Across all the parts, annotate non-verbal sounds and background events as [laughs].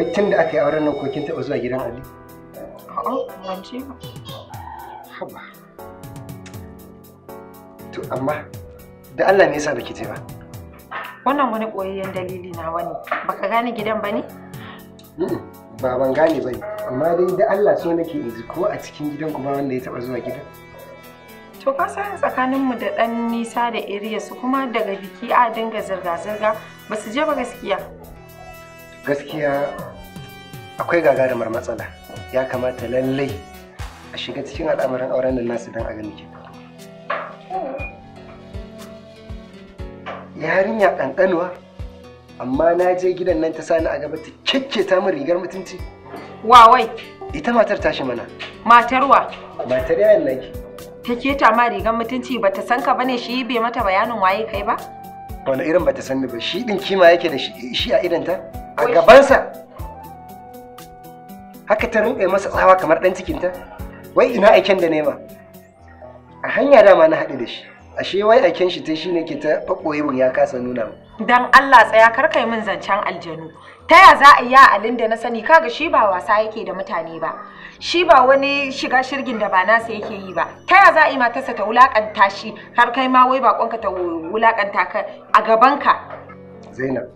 wai tun da aka yi auren nan ko kin taɓa zuwa gidan Ali? A'a, ban ba. Haba. To amma da Allah ne yasa baki je ba? Wannan wani ɓoyayyen dalili na wani. Baka gane gidan ba ne? Ba ban gane ba ne. Amma dai da Allah so nake in ji ko a cikin gidan kuma wanda ya taɓa zuwa gidan. To ka san tsakaninmu da ɗan nisa da iriya su kuma daga biki a dinga zirga-zirga ba su je ba gaskiya. Gaskiya akwai gagarumar matsala ya kamata lallai a shiga cikin al'amarin auren nan nasu don a gani ke yarinya ƙanƙanuwa amma na je gidan nan ta sani a gaba ta ta min rigar mutunci wawai ita matar tashi mana Matar wa. matar yayan naki ta keta ma rigar mutunci ba ta san ka bane shi bai mata bayanin waye kai ba wani irin ba ta sani ba shi din kima yake da shi a idanta a gabansa haka ta rube masa tsawa kamar ɗan cikinta wai ina aiken da nema a hanya dama na haɗu da shi ashe wai aiken shi ta shine ke ta ya kasa nuna mu dan Allah tsaya kar kai min zancen aljanu ta ya za a yi a alin da na sani kaga shi ba wasa yake da mutane ba shi ba wani shiga shirgin da ba nasa yake yi ba ta ya za a yi matarsa ta wulakanta shi har kai ma wai bakonka ta wulakanta ka a gabanka Zainab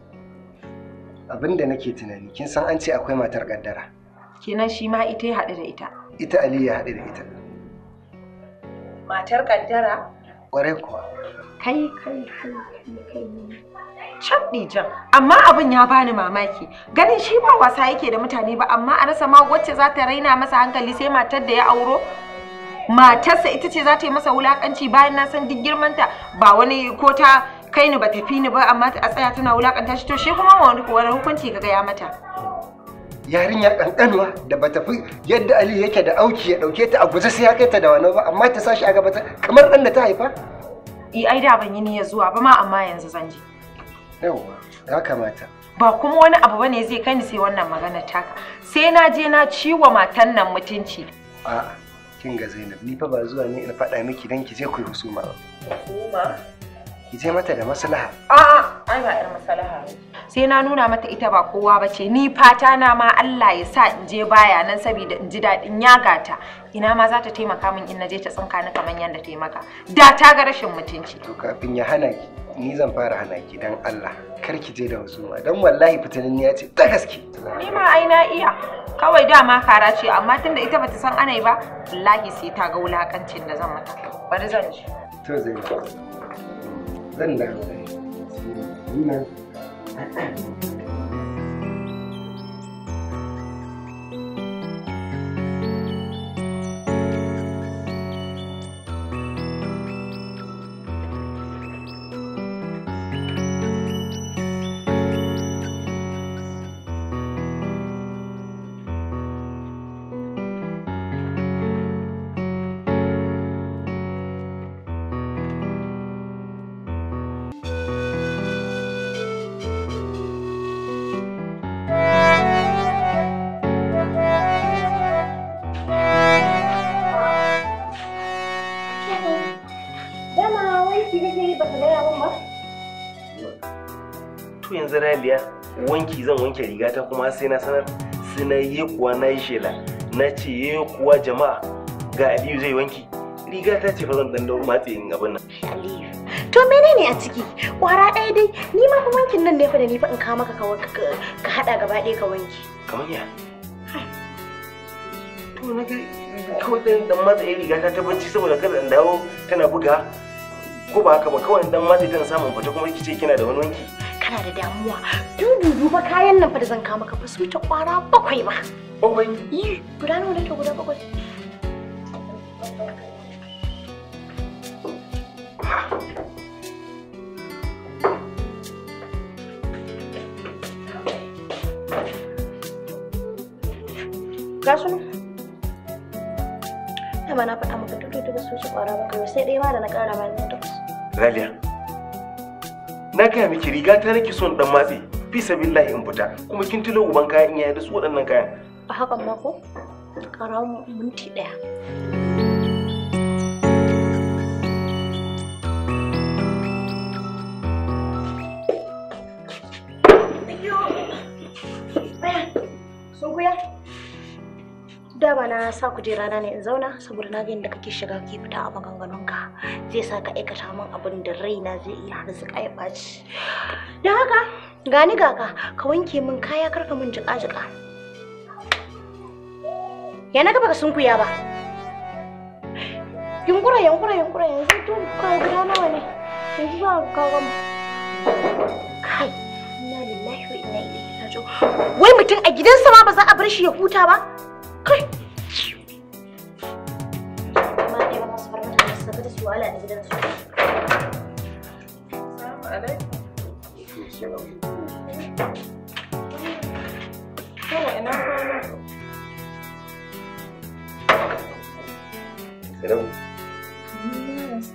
abinda nake tunani kin san an ce akwai matar kaddara kenan shi ma ita ya haɗu da ita ita ali ya haɗu da ita matar kaddara Ware kuwa kai kai kai kai can jan amma abin ya bani mamaki ganin shi ba wasa yake da mutane ba amma a rasa ma wacce za ta raina masa hankali sai matar da ya auro matarsa ita ce za ta yi masa wulakanci bayan na san duk girmanta ba wani ko ta kai ni ba tafi ni ba amma a tsaya tana wulakanta shi to shi kuma wani hukunci ka ya mata yarinya kankanuwa da bata fi yadda Ali yake da auki ya dauke ta a guje sai ya kai ta da wani ba amma ta sashi a gaba ta kamar dan da ta haifa eh ai da ban yi niyya zuwa ba ma amma yanzu zan je yawa ya kamata ba kuma wani abu bane zai kai ni sai wannan magana taka sai na je na ciwa matan nan mutunci a'a kin ga Zainab ni fa ba zuwa ne in faɗa miki dan ki je ku yi husuma ba husuma ki je mata da maslaha a'a ai ba yar maslaha sai na nuna mata ita ba kowa ba ce ni fata na ma Allah ya sa in je baya nan saboda in ji daɗin yaga ta ina ma za ta taimaka min in naje ta tsinka ni kamar yadda ta maka da ta ga rashin mutunci to kafin ya hana ki ni zan fara hana ki dan Allah kar ki je da ma dan wallahi fitanin ya ce ta gaske ni ma ai na iya kawai dama kara ce amma tunda ita bata san anai ba wallahi sai ta ga wulakancin da zan mata bari zan ji to zai zan dawo wannan sai na sanar sai na yi kuwa na yi shela na ce yi eh kuwa jama'a ga aliyu zai wanki riga ta ce fa zan dan dauro matse in abin nan aliyu to menene a ciki kwara ɗaya dai ni ma fa wankin nan ne fa da ni fa in ka maka ka haɗa gaba ɗaya ka wanki kamar ya to na ga kawai dan dan matse riga ta tabbaci saboda kada in dawo tana buga ko ba haka ba kawai dan matse tana samun fata kuma kice kina da wani wanki kana da damuwa dubu duba kayan nan fa da zan kawo maka fa su ta kwara bakwai ba bakwai yi guda nawa ne ta guda bakwai Ga su Dama na faɗa maka duk da su ci kwara bakwai sai ɗaya ma da na ƙara bayan na takwas. Raliya. na gaya miki riga ta nake son dan matse fi sabillahi in fita kuma kin tilo uban kayan in yayi da su waɗannan kayan a hakan ma ko karamu minti ɗaya dama na sa je na ne in zauna saboda na ga yadda kake shiga ke fita a maganganunka zai sa ka aikata min abin da raina zai iya har su kai baci da haka gani gaka ka wanke min kaya karka min jika jika ya na gaba ka sunkuya ba yunkura yunkura yunkura yanzu tun kawo guda nawa ne yanzu za ka kawo mu kai inna lillahi wa inna ilaihi raji'un wai mutum a gidansa ma ba za a bar shi ya huta ba Okay. wahala da gidan su. Assalamu alaikum. Kowa ina kwana. Zainabu.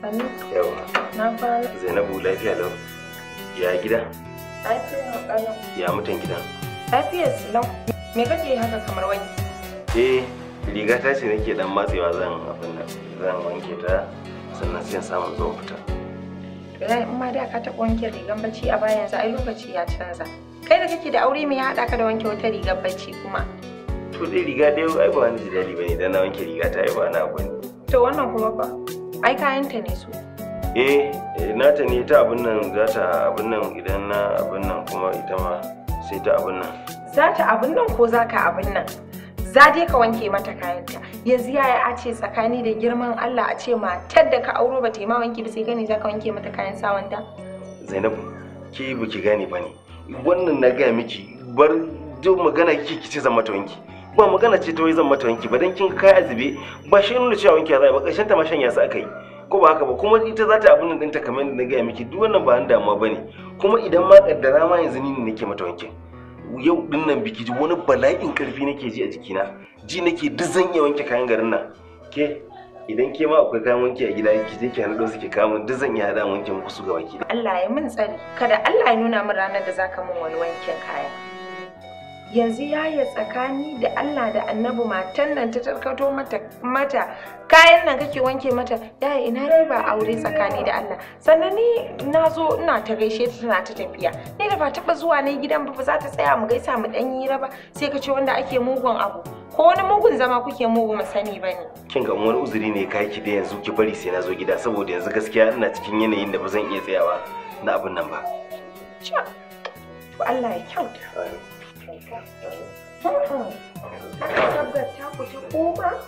Sani. Yawa. Na Ya gida? Ya mutan gidan? Lafiya Me kake haka kamar wani? Eh, riga ta ce nake dan matsewa zan abin nan zan wanke ta sannan sai samun zuwa fita ran eh, in ma da ka ta wanke rigan bacci a bayan yanzu ai lokaci ya canza kai da kake da aure me ya hada ka da wanke wata rigar bacci kuma to dai riga dai ai ba wani jidali bane dan na wanke riga ta ai ba na abu ne to wannan kuma fa ai kayan ta ne su eh, eh na ta ne ta abin nan za ta abin nan idan na abin nan kuma ita ma sai ta abin nan za ta abin nan ko za ka abin nan za ka wanke mata kayanta yanzu yaya a ce tsakani da girman Allah a ce matar da ka auro ba ta yi ma wanki ba sai gani za ka wanke mata kayan sawanta Zainabu ke ba ki gane ba ne wannan na gaya miki bar duk magana kike kice zan mata wanki ba magana ce ta wai zan mata wanki ba dan kin kai azube ba shi nuna cewa wanki za ba kashin ta ma shanya su yi, ko ba haka ba kuma ita za ta abin nan ɗinta kamar yadda na gaya miki duk wannan ba an damuwa ba ne kuma idan ma kaddara ma yanzu ni ne nake mata wankin yau din nan biki ji wani bala'in karfi nake ji a jikina ji nake duk zan iya wanke kayan garin nan ke idan ke ma akwai kayan wanki a gida ki je ki hana suke kama, duk zan iya hada wanke muku su ga wanki Allah ya mun tsari kada Allah ya nuna min ranar da zaka min wani wankin kaya yanzu ya yi tsakani da Allah da annabi matan nan ta tarkato mata kayan nan kake wanke mata yaya ina riba aure tsakani da Allah sannan ni na zo ina ta gaishe ta tana ta tafiya ni da ba taɓa zuwa ne gidan ba za ta tsaya mu gaisa mu dan yi raba sai ka ce wanda ake mugun abu ko wani mugun zama kuke mugu mu sani bane kin ga wani uzuri ne kai ki da yanzu ki bari sai na zo gida saboda yanzu gaskiya ina cikin yanayin da ba zan iya tsayawa na abin nan ba Allah ya kyauta. Sabgar ta fita koma?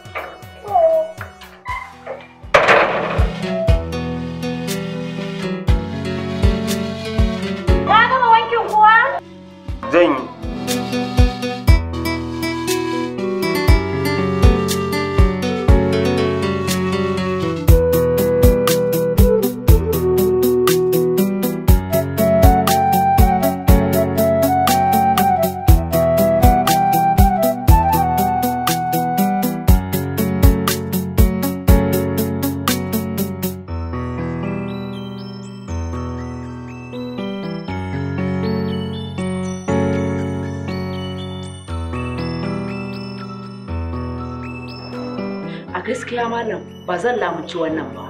gaskiya malam ba zan lamunci wannan ba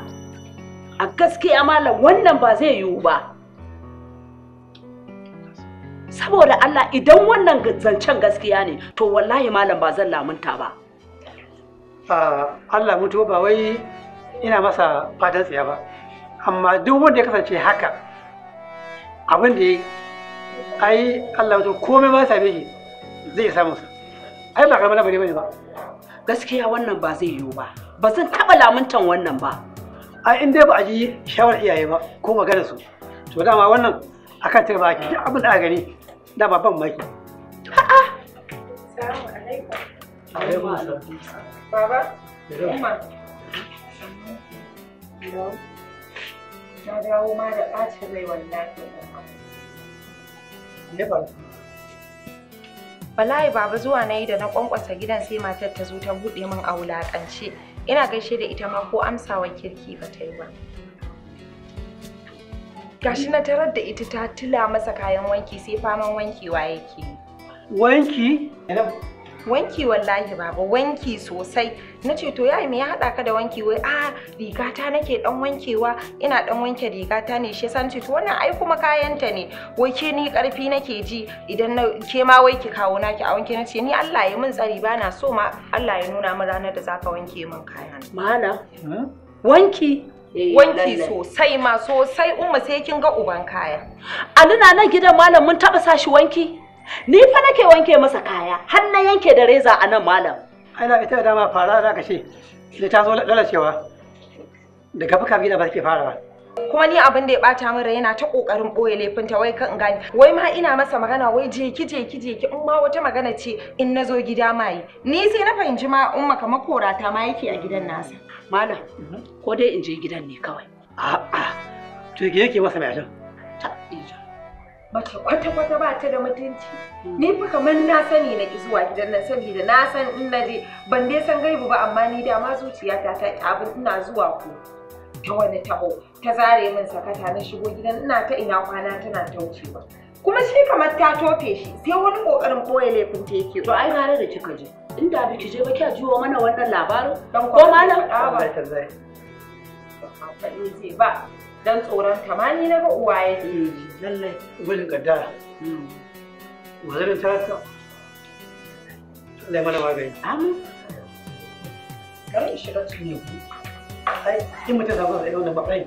a gaskiya malam wannan ba zai yiwu ba saboda Allah idan wannan zancen gaskiya ne to wallahi malam ba zan lamunta ba ah, Allah mutu ba wai ina masa fatan tsiya ba amma duk wanda ya kasance haka abin da ai Allah mutu komai ba sa shi zai samu ai ba karamar bane bane ba gaskiya wannan ba zai yiwu ba ba zan taɓa lamuntan wannan ba a in dai ba a ji shawarar iyaye ba ko magana su to dama wannan akan ta baki duk abin da a gani da ba ban maki a'a salamu alaikum alaikum salam baba umma na dawo ma da ɓacin rai wallahi ne ba Balai baba zuwa na yi da na kwankwasa gidan sai matar ta zo ta buɗe min a wulaƙance ina gaishe da ita ma ko amsawa kirki ba ta yi ba gashi na tarar da ita ta tila masa kayan wanki sai faman wankewa yake wanki wanki wallahi baba wanki sosai na ce to yayi me ya haɗa ka da wanki wai a rigata nake dan wankewa ina ɗan wanke rigata ne shi yasa ce to wannan ai kuma kayanta ne wai ke ni karfi nake ji idan na ke ma wai ki kawo naki a wanke nace ni Allah ya min tsari bana so ma Allah ya nuna min ranar da zaka wanke min kayan mana wanki eh, eh, wanki sosai ma sosai umma sai kin ga uban kaya a nuna nan gidan malam mun taɓa sa shi wanki Ni fa nake wanke masa kaya, har na yanke da reza a nan malam. Ana ita da dama fara za ka ce, sai ta zo lalacewa. Daga fuka biyu da ba take fara ba. kuma ni abin da ya bata min rai yana ta kokarin boye laifinta wai kan gani wai ma ina masa magana wai je ki je ki je ki in ma wata magana ce in nazo gida mai ni sai na fahimci ma umma maka korata ma yake a gidan nasa malam ko dai in je gidan ne kawai a'a to ke yake masa mai ajin mace kwata-kwata ba ta da mutunci ni fa kamar na sani na ki zuwa gidan nan saboda na san in na je ban dai san gaibu ba amma ni dama zuciyata ta ki abin ina zuwa ku ta wani taho ta zare min sakata na shigo gidan ina ta ina kwana tana taucewa kuma shi kamar ta tofe shi sai wani kokarin koya laifin ta yake to ai gare da kika je inda biki je ba kya jiwo mana wannan labarin ko malam ba ba ba don tsoron kamani na ga uwa ya ke ji. Lallai, ubin kaddara. ta hmm. ta Lallai mana magani. Amu, Karin shiga cikin yanku. Ai, in mutum zaba zai yau na bakwai.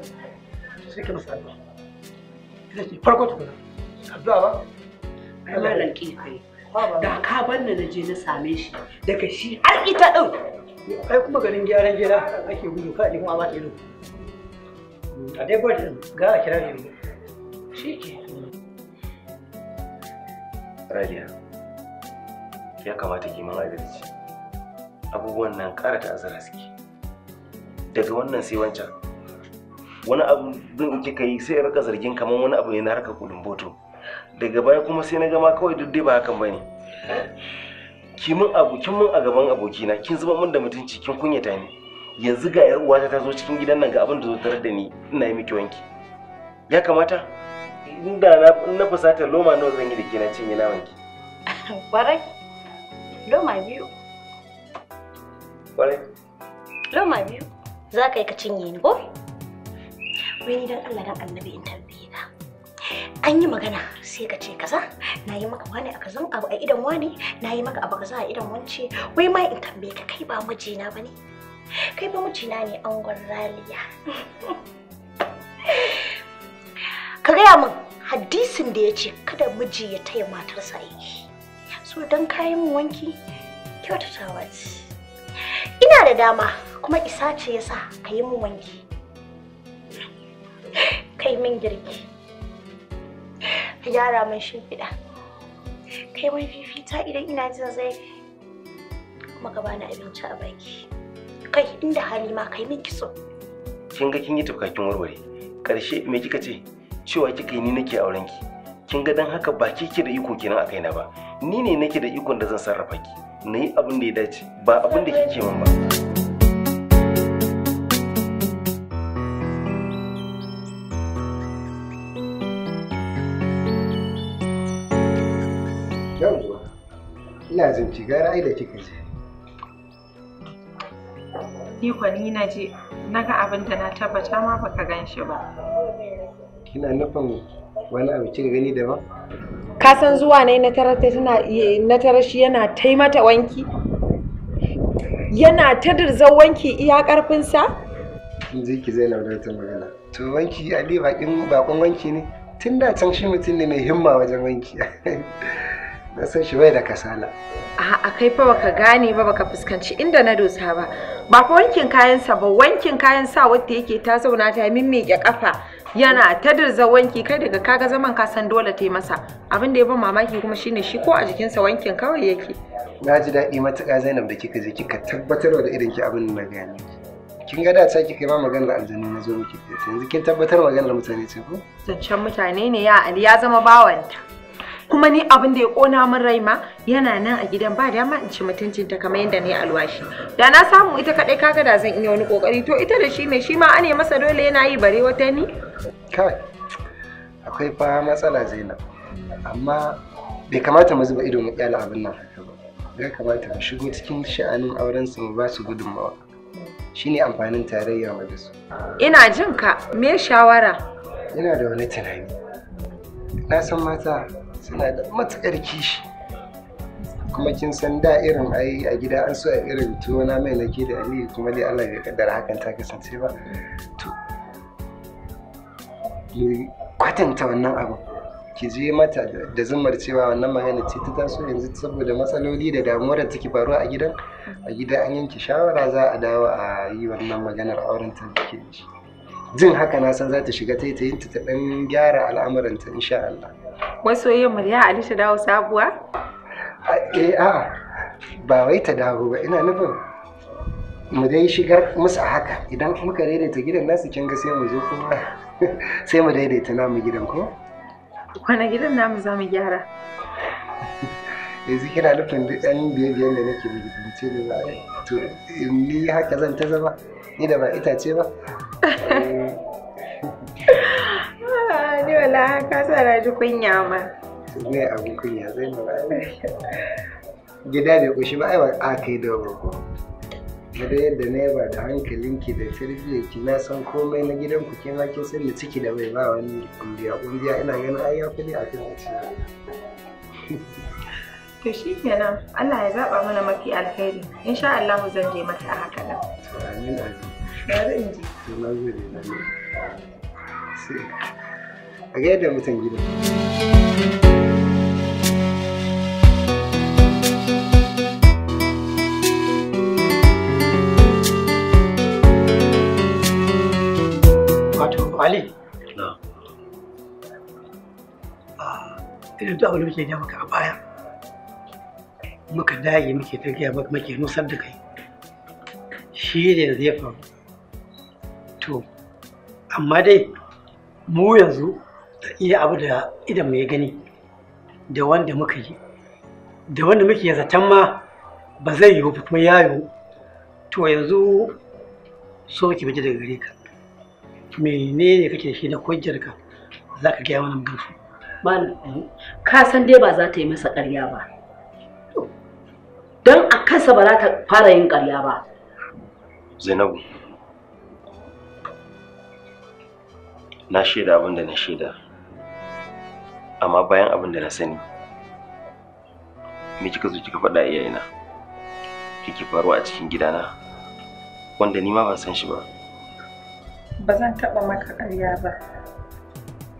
Sai ka masa addu'a. Ita ce farko tukuna. Addu'a ba? Ai, malam kai. Da ka banna na je na same shi daga shi har ita ɗin. Ai kuma ganin gyaran gida ake gudu ka ɗin kuma ba ta ido. a dai gwajin ga a kira shi shi ke radiya ya kamata ki kiman adalci abubuwan nan ƙara ta'azzara suke daga wannan sai wancan wani abu din kika yi sai rika zargin kamar wani abu ne na harkar boto, daga baya kuma sai na gama kawai duk dai ba hakan bane kimin abu kin mun a gaban abokina kin zuba mun da mutunci kin kunyata ni yanzu ga yar uwata ta zo cikin gidan nan ga abin da zo tare da ni ina yi miki wanki ya kamata inda na na fusata loma nawa zan yi da ke na cinye na wanki [laughs] kwarai loma biyu kwarai loma biyu za ka yi ka cinye ni ko ni dan Allah dan annabi in tambaye ka an yi magana sai ka ce kaza na yi maka wani a kazan abu a idan wani na yi maka abu kaza a idan wance wai ma in tambaye ka kai ba mijina ba ne kai ba mijina ne an raliya ka gaya min hadisin da ya ce kada miji ya taya matarsa aiki so don kayan wanki kyautata ce ina da dama kuma isa ce ya sa ka yi min wanki Kai yi min girki ka gyara min shimfiɗa kai mun fifita idan ina jin zai maka ka bani abinci a baki kai inda hali ma kai min kiso. kin ga kin yi tufka kin warware karshe me kika ce cewa kika yi ni nake auren ki kin ga dan haka ba kike da iko kenan a kaina ba ni ne nake da ikon da zan sarrafa ki na yi abin da ya dace ba abin da kike min ba ina jin ki gara ai da kika je ni na je na ga na tabbata ma baka gan shi ba kina nufin wani abu kika gani daban ka san zuwa ne na tarar tana na tarar shi yana taimata wanki yana ta dirzar wanki iya karfinsa yanzu ki zai ta magana to wanki ali bakin wanki ne tun da can shi mutum ne mai himma wajen wanki [laughs] na san shi bai da kasala a kai fa baka gane ba baka fuskanci inda na dosa ba ba fa wankin kayan sa ba wankin kayan sa wanda yake ta zauna ta mimmiƙe kafa yana ta dirza wanki kai daga kaga zaman ka san dole ta yi masa abin da ya ba mamaki kuma shine shi ko a jikinsa wankin kawai yake na ji daɗi matuƙa zainab da kika je kika tabbatar da irin ki abin da na kin ga da ta ki kai ma maganar aljanu na zo miki yanzu kin tabbatar maganar mutane ce ko zancen mutane ne ya ali ya zama bawanta kuma ni abin da ya kona min rai ma yana nan a gidan ba dama in ci mutuncin ta kamar yadda ni alwashi da na samu ita kadai kaga da zan iya wani kokari to ita da shi ne shi ma ane masa dole yana yi bare wata ni kai akwai fa matsala zainab amma bai kamata mu zuba ido mu kyala abin nan ya kamata mu shigo cikin sha'anin auren su mu ba su gudunmawa shine amfanin tarayya da su ina jin ka me shawara ina da wani tunani na san mata suna da matukar kishi kuma kin san da irin ai a gida an so a irin tuwo na mai nake da aliyu kuma dai allah ya kaddara hakan ta kasance ba to kwatanta wannan abu ki je mata da zumar cewa wannan magana ce ta taso yanzu saboda matsaloli da damuwar da take faruwa a gidan a gida an yanke shawara za a dawo a yi wannan maganar auren ta da shi jin haka na san za ta shiga ta yi ta ta dan gyara al'amuranta insha Allah. Wasu yin murya Ali ta dawo sabuwa? Eh a ba wai ta dawo ba ina nufin mu dai shigar musu a haka idan muka daidaita gidan nasu kin ga sai mu zo kuma [laughs] sai mu daidaita namu gidan ko? Kwana gidan namu za mu gyara? yanzu kina nufin duk ɗan biye-biyen da nake rubuce ne ba to ni haka zan ta zama ni da ba itace ba ah, ni wala ka sa na ji kunya ma ne abin kunya zai ma gida bai kushi ba aiwa a kai da barko na da yadda na yaba da hankalinki da tarbiyyarki na san komai na gidan ku ke ma kin san da ciki da bai ba wani kumbiya kumbiya ina ganin ai ya fi ne a kan To shi kenan Allah ya zaba mana mafi alheri. Insha Allah zan je mata a haka nan. Amin amin. Bari A ga yadda mutum gida. Wato Ali. Na. Ah, irin da abin da muke maka a baya. muka dage muke ta gaya muke nusar da kai shi ne zai faru to amma dai mu yanzu da iya abu da idan mu ya gani da wanda muka yi da wanda muke zaton ma ba zai yiwu ba kuma ya yiwu to yanzu so ki biji daga gare ka menene kake da shi na kujjar ka za ka gaya mana mutum ka san dai ba za ta yi masa ƙarya ba don a kansa ba za ta fara yin ƙarya ba zainabu na shaida abin da na shaida amma bayan abin da na sani me kika zo kika faɗa iyayena kike faruwa a cikin gidana wanda ni ma ban san shi ba ba zan taɓa maka ƙarya ba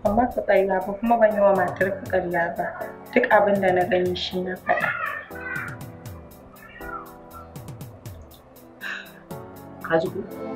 amma ka ƙarya ba kuma ban yi wa matarka ƙarya ba duk abin da na gani shi na faɗa Hajipur